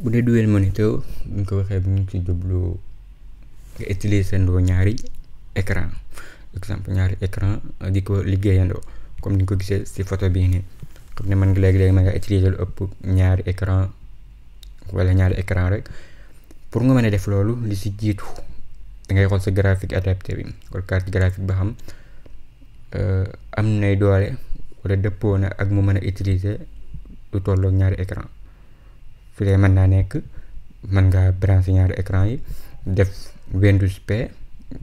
bu dee duel moniteur buñ ko waxee bu ñu ci jublu nga utiliser ndoo ñaari écran exemple ñaari écran di ko liggéeyandoo comme ni ko gisee ci photo bii nii xam ne man léegi-léegi ma nga utiliser lu ëpp ñaari écran walla ñaari écran rek pour nga mën a def loolu li si jiitu dangay ngay xool sa graphique adapté bi wala carte graphique ba xam euh, am nay doole wala dëppoo na ak mu mën a utiliser lu tolloog ñaari écran fu man naa nekk man ngaa branché ñaari écran yi def Windows P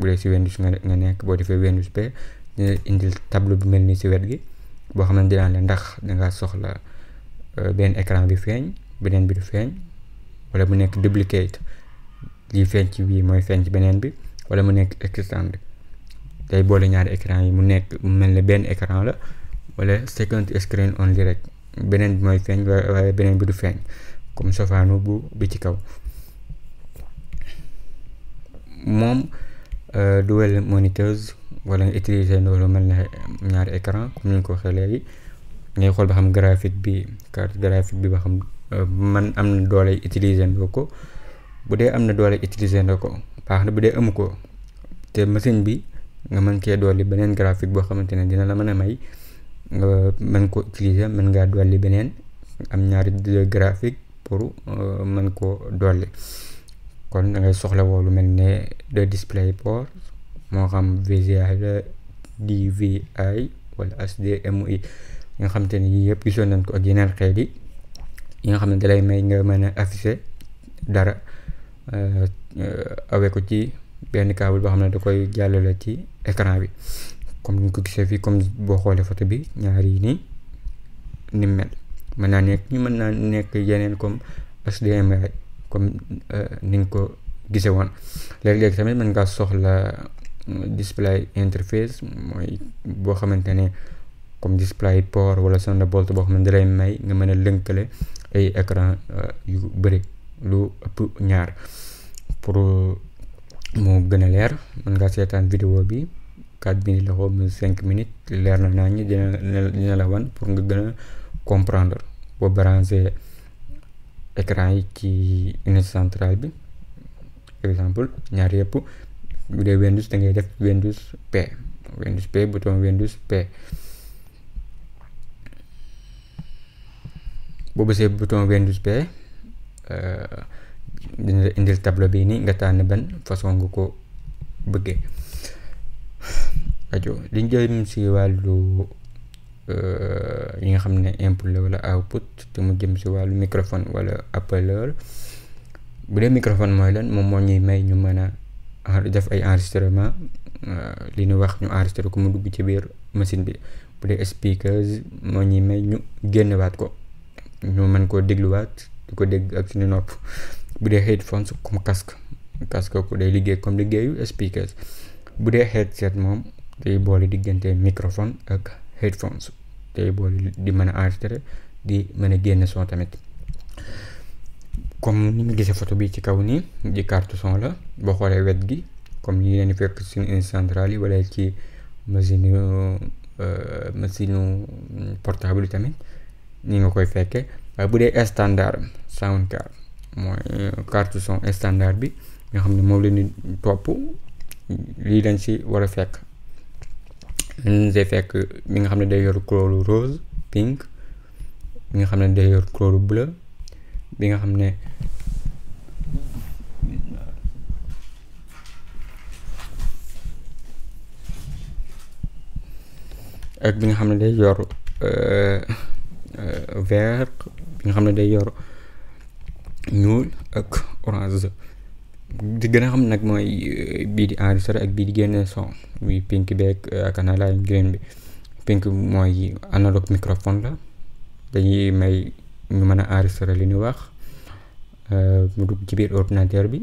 bu dee si Windows nga nekk boo defee Windows P dina indil tableau bu mel nii si wet gi boo xam ne dinaa la ndax danga soxla euh, benn écran bi feeñ beneen bi du feeñ wala mu nekk duplicate lii feeñ ci bii mooy feeñ ci beneen bi wala mu nekk extend tey boole ñaari écran yi mu nekk mu mel ne benn écran la wala second screen only rek beneen bi mooy feeñ waaye beneen bi du feeñ comme safaanu bu bi ci kaw moom euh, dual monitors wala nga utiliser loolu mel na ñaari écran comme ni ko waxee léegi ngay xool ba xam graphique bi carte graphique bi ba xam euh, man am na doole utiliser ndoo ko bu dee am na doole utiliser ndoo ko baax na bu dee amu ko te machine bi nga mën cee dolli beneen graphique boo xamante ne dina la mën a may nga mën ko utiliser mën ngaa dolli beneen am ñaari graphique pour euh, mën ko dolli kon da soxla woo lu mel ne de display port moo xam VGA la DVI wala HDMI yi nga xamante ni yëpp gisoon nañ ko ak yeneen xeet yi xam ne dalay may nga mën a afficher dara euh, awee ko ci benn kaabul boo xam ne da koy jàllale ci écran bi comme ni ko gisee fii comme boo xoolee photo bi ñaari yi ni mel. mën naa nekk ñu mën naa nekk yeneen comme HDMI comme euh, ni nga ko gisee woon léeg-léeg tamit mën ngaa soxla euh, display interface mooy boo xamante ne comme display port wala Thunderbolt boo xam ne dalay may nga mën a lënkale ay écran euh, yu bëri lu ëpp ñaar pour mu gën a leer mën ngaa seetaan vidéo bi 4 bi la xaw ma 5 minutes leer na naa ñi dina la wan pour nga gën comprendre boo branché écran yi ci unité centrale bi exemple ñaar yëpp bu dee Windows da def Windows P Windows P bouton Windows boo bësee bouton Windows P euh, dina la indil tableau bii nii nga tànn benn façon nga ko bëggee ajo liñ jëm si wàllu Euh, yi nga xam ne input la wala output te mu jëm si wàllu microphone wala appeleur bu dee microphone mooy lan moom moo ñuy may ñu mën a def ay enregistrement euh, li ñu wax ñu enregistré ko mu dugg ci biir machine bi bu dee speakers moo ñuy may ñu génnewaat ko ñu mën koo dégluwaat di ko dégg ak suñu nopp bu dee headphones comme casque casque ko day liggéey comme liggéeyu speakers bu dee headset moom day boole diggante microphone ak. headphones tey di mën a enregistrer di mën a génn son tamit comme ni nga gisee photo bi ci kaw nii di carte son la boo xoolee wet gi comme ni leen fekk suñu unité centrale yi wala ci machine euh, machine portable yi tamit ni nga koy fekkee waaye bu dee standard sound card mooy carte son standard bi nga xam ne moom la topp lii lañ si war a fekk dañu see fekk bi nga xam ne day yor couleur rose pink bi nga xam ne day yor couleur bleu bi nga xam ne ak bi nga xam ne day yor vert bi nga xam ne day yor ñuul ak orange di gën a xam nag mooy euh, bii di enregistré ak bii di génne son muy pink beeg euh, ak ana line green bi pink mooy analogue microphone la dañuy may ñu mën a enregistré li ñu wax euh, mu dugg ci biir ordinateur bi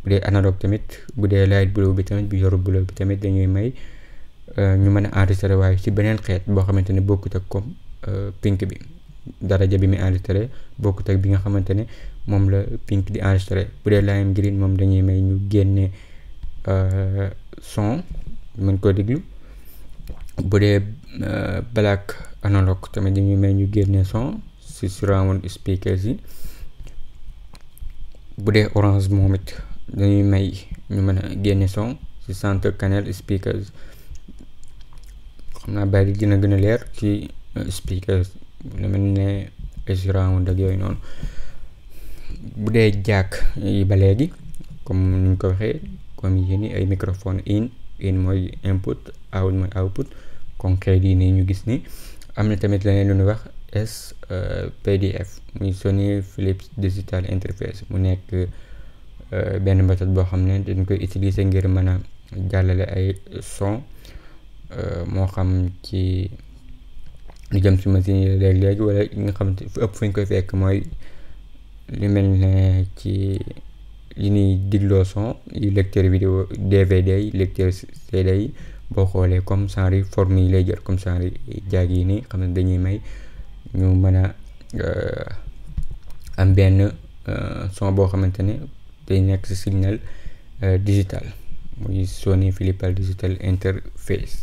bu dee analogue tamit bu dee light blue bi tamit bu yoru blue bi tamit dañuy may ñu mën a enregistré waaye ci beneen xeet boo xamante ne bokkut ak comme pink bi daraja bi muy enregistré bokkut ak bi nga xamante ne moom la Pink di enregistré bu dee Lime Green moom dañuy may ñu génne euh, son mën ko déglu bu dee euh, Black Analog tamit dañuy may ñu génne son si surround speakers yi bu dee Orange moom it dañuy may ñu mën a génne son si centre canal speakers xam naa bàyyi dina gën a leer ci euh, speakers lu mel ne surround ak yooyu noonu bu dee jàkk yi ba léegi comme ni ko waxee comme yéen ay microphone in in mooy input out mooy output concret yi nii ñu gis nii am na tamit leneen lu ñuy wax SPDF euh, muy Sony Philips Digital Interface mu nekk euh, benn méthode boo xam ne dañ koy utiliser ngir mën jàllale ay son euh, moo xam ci lu jëm si machine yi léeg-léegi wala nga xam fi ëpp fu ñu koy fekk mooy li mel ne ci li ñuy digloo son yu lecteur vidéo DVD yi lecteur CD boo xoolee comme genre forme yi lay jël comme genre jaag yi nii xam ne dañuy may ñu mën a euh, am benn euh, son boo xamante ne day nekk si signal euh, digital muy Sony Philips digital interface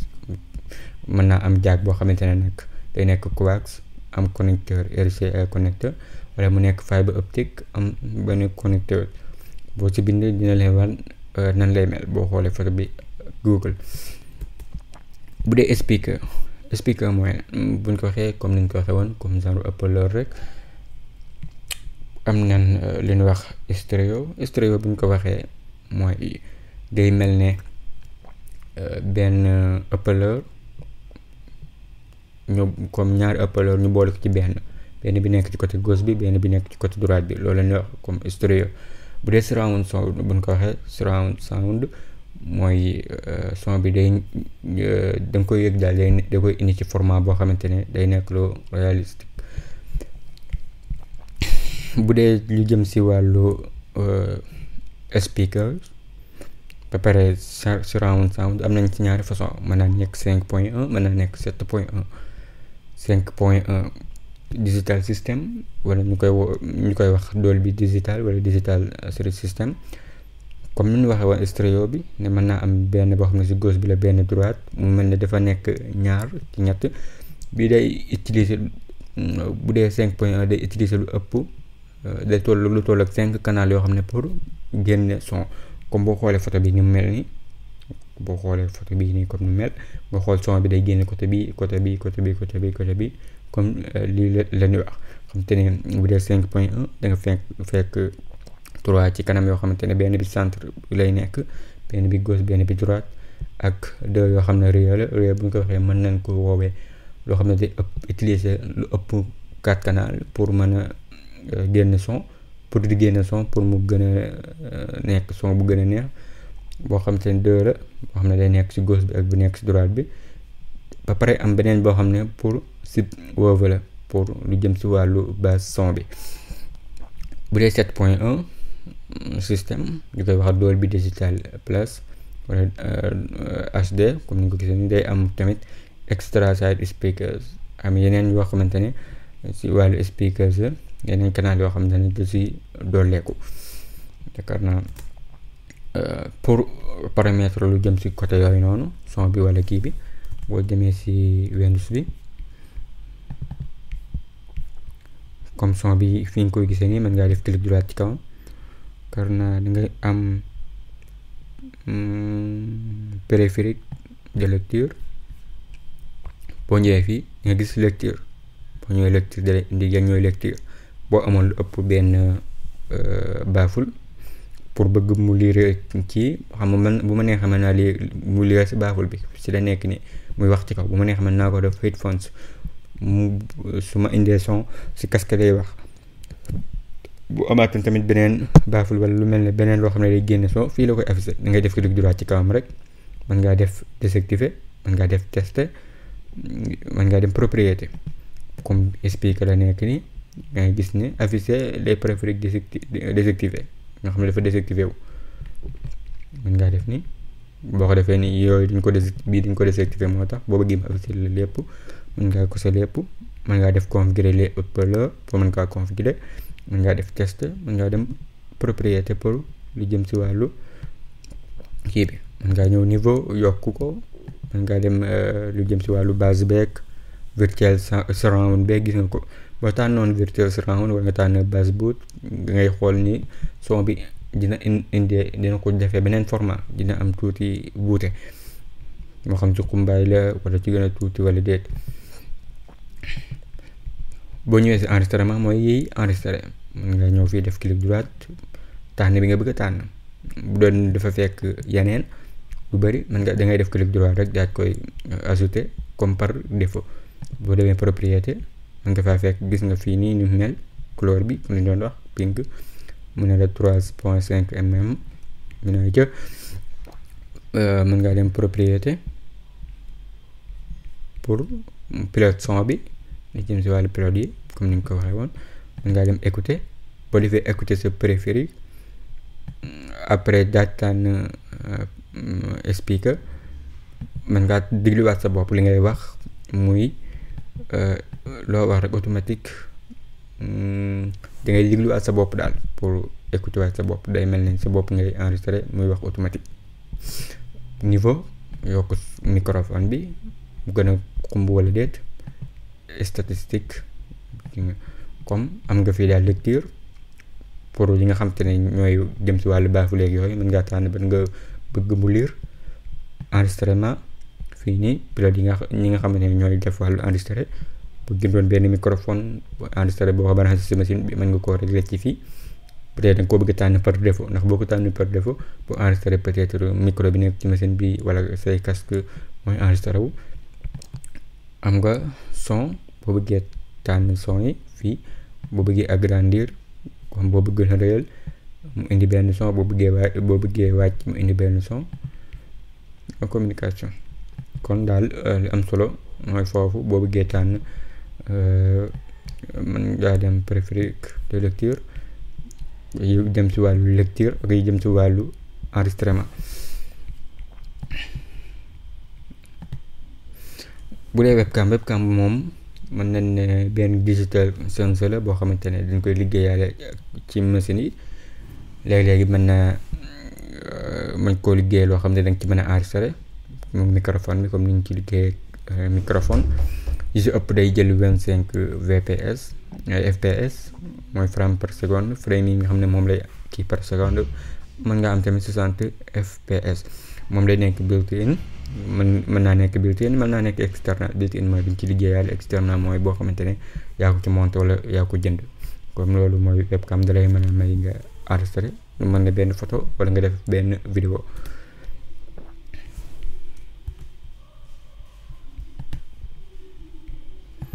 mën naa am jaag boo xamante ne day nekk coax am connecteur RCA connecteur wala mu nekk fibre optique am benn connecteur boo ci bind dina leen wan euh, nan lay mel boo xoolee photo bi Google bu dee speaker speaker mooy mm, buñ ko waxee comme ni niñ ko waxee woon comme genre apple rek am nan euh, li ñu wax stéréo stéréo buñ ko waxee mooy day mel ne euh, benn haut-parleur ñu comme ñaari haut-parleur ñu boole ko ci benn benn bi nekk ci côté gos bi benn bi nekk ci côté droite bi loolu la wax comme stéréo bu dee surround sound bu ñu ko waxee surround sound mooy euh, son bi day euh, da nga koy yëg daal day da koy indi ci format boo xamante ne day nekk lu réaliste bu dee lu jëm si wàllu euh, speaker ba pare surround sound am nañ ci ñaari façon mën naa nekk cinq point un mën naa nekk sept point un cinq point un digital system wala ñu koy ñu koy wax dool bi digital wala digital series system comme ni ñu waxee woon stéréo bi ne mën naa am benn boo xam ne si gauche bi la benn droite mu mel ne dafa nekk ñaar ci ñett bi day utiliser bu dee cinq 5.1 day utiliser lu ëpp euh, day toll lu toll ak 5 canal yoo xam ne pour génne son comme boo xoolee photo bi ni mu mel nii. boo xoolee photo bi nii comme mu mel nga xool son bi day génne côté bi côté bi côté bi côté bi côté bi comme euh, lii la la ñuy wax xam te ne bu dee 5 point 1 da nga fekk fekk 3 ci kanam yoo xamante ne benn bi centre lay nekk benn bi gauche benn bi droite ak de yoo xam ne réew la réew bu ñu koy waxee mën nañ ko woowee loo xam ne day ëpp utiliser lu ëpp 4 canal pour mën a euh, génn son pour di génn son pour mu gën a euh, nekk son bu gën a neex. boo xam ne deux la boo xam ne day nekk si gauche bi ak bu nekk si droite bi ba pare am beneen boo xam ne pour si woowu la pour lu jëm si wàllu basse son bi bu dee 7 point un mm, système ñu koy wax Dolby Digital Plus wala HD euh, comme ni nga ko gisee ni day am tamit extra side speakers am yeneen yoo xamante ne si wàllu speakers yeneen canal yoo xamante ne da dool dooleeku yaakaar naa Euh, pour parametre lu jëm si côté yooyu noonu son bi wala kii bi boo demee si Windows bi comme son bi fi nga koy gisee nii man ngaa def clic droit ci kawam karna da ngay am hmm, préféré de lecture boo ñëwee fii nga gis lecture boo ñëwee lecture di nga lecture boo amoon lu ëpp benn euh, baaful pour bëgg mu lire ci xam man bu ma nee xam naa lii mu lire si baabul bi si la nekk nii muy wax ci kaw bu ma nee xam naa ko def headphones mu su ma indee son si casque day wax bu amaatoon tamit beneen baaful wala lu mel ne beneen loo xam ne day génne son fii la koy affiché da ngay def clic droit ci kawam rek mën ngaa def désactiver mën ngaa def tester mën ngaa dem propriété comme expliqué la nekk ni nga gis ne affiché les préférés nga xam ne dafa désactivé wu mën ngaa def nii boo ko defee nii yooyu duñ ko des bii duñ ko désactivé moo tax boo bëggee mu affiché la lépp mën ngaa ko sa lépp mën ngaa def configurer les ëpp parleurs pour mën kaa configurer mën ngaa def test mën ngaa dem propriété pour lu jëm si wàllu kii bi mën ngaa ñëw niveau yokk ko mën ngaa dem euh, lu jëm si wàllu base beeg virtual surround beeg gis nga ko boo tànnoon virtuose round wala nga tànn bass boot ngay xool ni son bi dina indee dina ko defee beneen format dina am tuuti wuute moo xam ci xumbaay la wala ci gën a tuuti wala déet ñëwee si enregistrement mooy yiy enregistré mën nga ñëw fii def clic droite tànn bi nga bëgg a tànn bu doon dafa fekk yeneen lu bëri mën nga da ngay def clic droite rek daal koy ajouter comme par défaut boo demee propriété mën nga faa fekk gis nga fii nii ni mel couleur bi mu doon wax pink mu ne la 3.5 mm mu ne ca euh, mën ngaa dem propriété pour pilote son bi li jëm si wàllu pilote yi comme ni nga ko waxee woon ngaa dem écouter boo defee écouter sa préféré après daataan euh, speaker mën ngaa digluwaat sa bopp li ngay wax muy. Euh, loo wax rek automatique mm, da ngay dégluwaat sa bopp daal pour écouter waat sa bopp day mel ni sa bopp ngay enregistré muy wax automatique niveau yokk microphone bi bu gën a xumb wala déet statistique comme am nga fii daal lecture pour yi nga xam te ne ñooy jëm si wàllu baafu léegi yooyu mën ngaa tànn ba nga bëgg mu lire nii pilote yi nga ñi nga xam ne ñooy def wàllu enregistré bu gën doon benn microphone enregistré boo xam ne si machine bi mën nga koo régler ci fii peut-être koo bëgg tànn par défaut ndax boo ko tànn par défaut bu enregistré peut-être micro bi nekk ci machine bi wala say casque mooy enregistré wu am nga son boo bëggee tànn son yi fii boo bëggee agrandir comme boo bëggee réyal mu indi benn son boo bëggee wa boo bëggee wàcc mu indi benn son communication kon daal euh, li am solo mooy foofu boo bëggee tànn Euh, man ngaa dem préféré de lecture yu jëm si wàllu lecture ak yu jëm si wàllu enregistrement bu dee webcam webcam moom mën nañ ne benn digital sensor la boo xamante ne dañ koy liggéeyaale ci machine yi léeg-léegi mën na euh, mën koo liggéey loo xam ne da ci mën a enregistré moom microphone bi comme ni ñu ci liggéey euh, microphone yi si ëpp day jël vingt cinq VPS FPS mooy frame par seconde frame yi nga xam ne moom lay kii par seconde mën nga am tamit soixante FPS moom lay nekk built-in mën mën naa nekk built-in mën naa nekk externe built-in mooy bi ci ci liggéeyaale externe mooy boo xamante ne yaa ci monté wala yaa ko jënd comme loolu mooy webcam dalay mën a may nga enregistré mën nga benn photo wala nga def benn vidéo